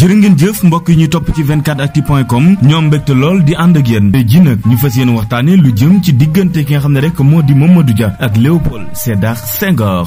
jërë ngeen jëf mbokk yi ñuy topp ci 24actu.com ñoom mbégte lool di ànd ak yéen ji nag ñu fas yéen waxtaane lu jëm ci diggante ki nga xam ne rek moo di Mamadou Dia ak Léopold Sédar Senghor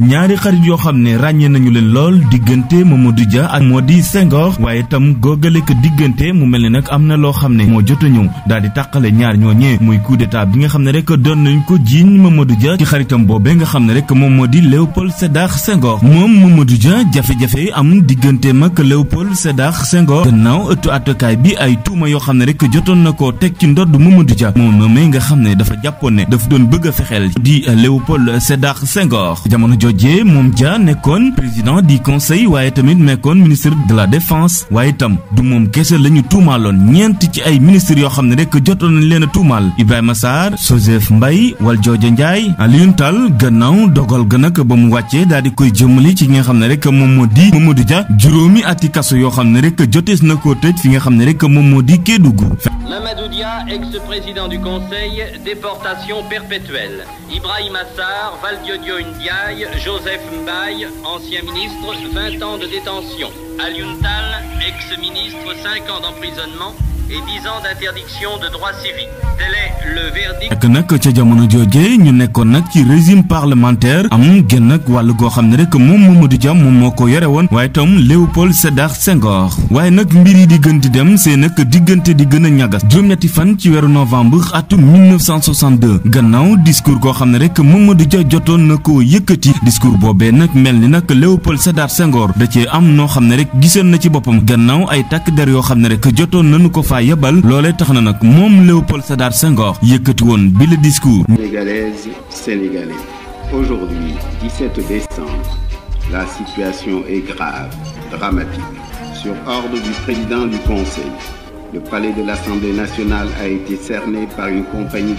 ñaari xarit yoo xam ne ràññee nañu leen lool diggante Mamadou Dia ak moo di Senghor waaye itam góogale ko diggante mu mel ne nag am na loo xam ne moo jot a ñëw daal di tàqale ñaar ñooñee muy coup d'état bi nga xam ne rek doon nañ ko jiiñ Mamadou Dia ci xaritam boobee nga xam ne rek moom moo di Léopold Sédar Senghor moom Mamadou Dia jafe-jafe am diggante mag Léopold Sédar Senghor gannaaw ëttu àttekaay bi ay tuuma yoo xam ne rek jotoon na koo teg ci ndodd Mamadou Dia moom may nga xam ne dafa jàppoon ne daf doon bëgg a fexeel di Léopold Sédar Senghor jamono Diodier moom Dia nekkoon président du conseil waaye tamit nekkoon ministre de la défense waaye itam du moom kese la ñu tuumaaloon ñeent ci ay ministres yoo xam ne rek jotoon nañ leen a tuumaal Ibrahima Sarr Joseph mbay wal Jooja Ndiaye Alioune Tall gannaaw dogal ga nag ba mu wàccee daal di koy jëmali ci nga xam ne rek moom moo di Mamadou Dia juróomi ati kaso yoo xam ne rek jotees na ko tëj fi nga xam ne rek moom moo di Kédougou. Mamadou Dia, Joseph Mbaye, ancien ministre, 20 ans de détention. Aliuntal, ex-ministre, 5 ans d'emprisonnement. et 10 nag ca jamono jooje ñu nekkoon nag ci régime parlementaire am génn ak wàll goo xam ne rek moom Mamadou Dia moom moo ko yore woon waaye itam Léopold Sédar Senghor waaye nag mbir yi di gën di dem see nag diggante di gën a ñagas juróom-ñetti fan ci weeru novembre atum 1962 gannaaw discours goo xam ne rek Mamadou Dia jotoon na ko yëkkati discours boobee nag mel ni nag Léopold Sédar Senghor da cee am noo xam ne rek gisoon na ci boppam gannaaw ay takk der yoo xam ne faa yebal loolee tax na nag moom Léopold Sédar Senghor yëkkati woon bi le discours. Sénégalaises, Sénégalais, aujourd'hui 17 la situation est grave, dramatique. Sur ordre du président nationale a été cerné par une compagnie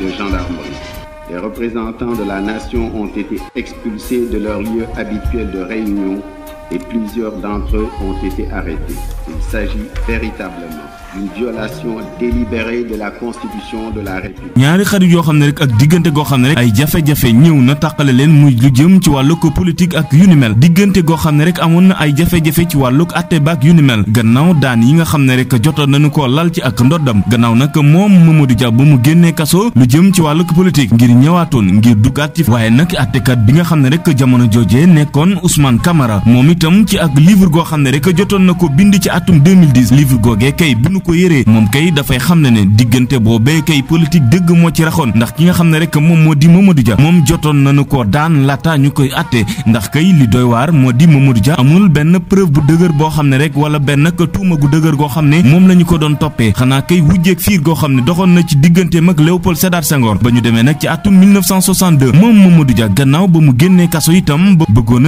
la nation ont et plusieurs d'entre eux ont été arrêtés. la ñaari xarit yoo xam ne rek ak diggante goo xam ne rek ay jafe-jafe ñëw na taqale leen muy lu jëm ci wàllu wàllug politique ak yu ni mel diggante goo xam ne rek amoon na ay jafe-jafe ci wàllug àtte baak yu ni mel gannaaw daan yi nga xam ne rek jotoon nañu ko lal ci ak ndoddam gannaaw nag moom Mamadou Dia ba mu génnee kaso lu jëm ci wàllug politique ngir ñëwaatoon ngir duggaat ci waaye nag àttekat bi nga xam ne rek jamono joojee nekkoon Ousmane Camara itam ci ak livre goo xam ne rek jotoon na ko bind ci atum 2010 livre googee kay bu nu ko yëree moom kay dafay xam ne ne diggante boobee kay politique dëgg moo ci raxoon ndax ki nga xam ne rek moom moo di Mamadou Dia moom jotoon nañu ko daan laata ñu koy atte ndax kay li doy waar moo di Mamadou Dia amul benn preuve bu dëgër boo xam ne rek wala benn tuuma gu dëgër goo xam ne moom la ñu ko doon toppee xanaa kay wujjeeg fiir goo xam ne doxoon na ci digganteem ak Léopold Sédar Senghor ba ñu demee nag ci atum 1962 moom Mamadou Dia mu génnee kaso itam ba bëggoon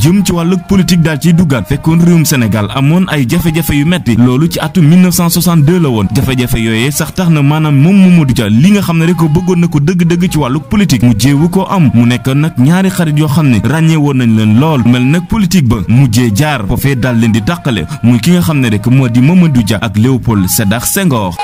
a politique daal ciy duggaat fekkoon réewum Sénégal amoon ay jafe-jafe yu metti loolu ci atum 1962 la woon jafe-jafe yooyee sax tax na maanaam moom Mamadou Dia li nga xam ne rek bëggoon na ko dëgg-dëgg ci wàllu politique mu jéewu ko am mu nekk nag ñaari xarit yoo xam ne ràññee woon nañ leen lool mel nag politique ba mujjee jaar foofee daal leen di tàqale muy ki nga xam ne rek moo di Mamadou Dia ak Léopold Sédar Senghor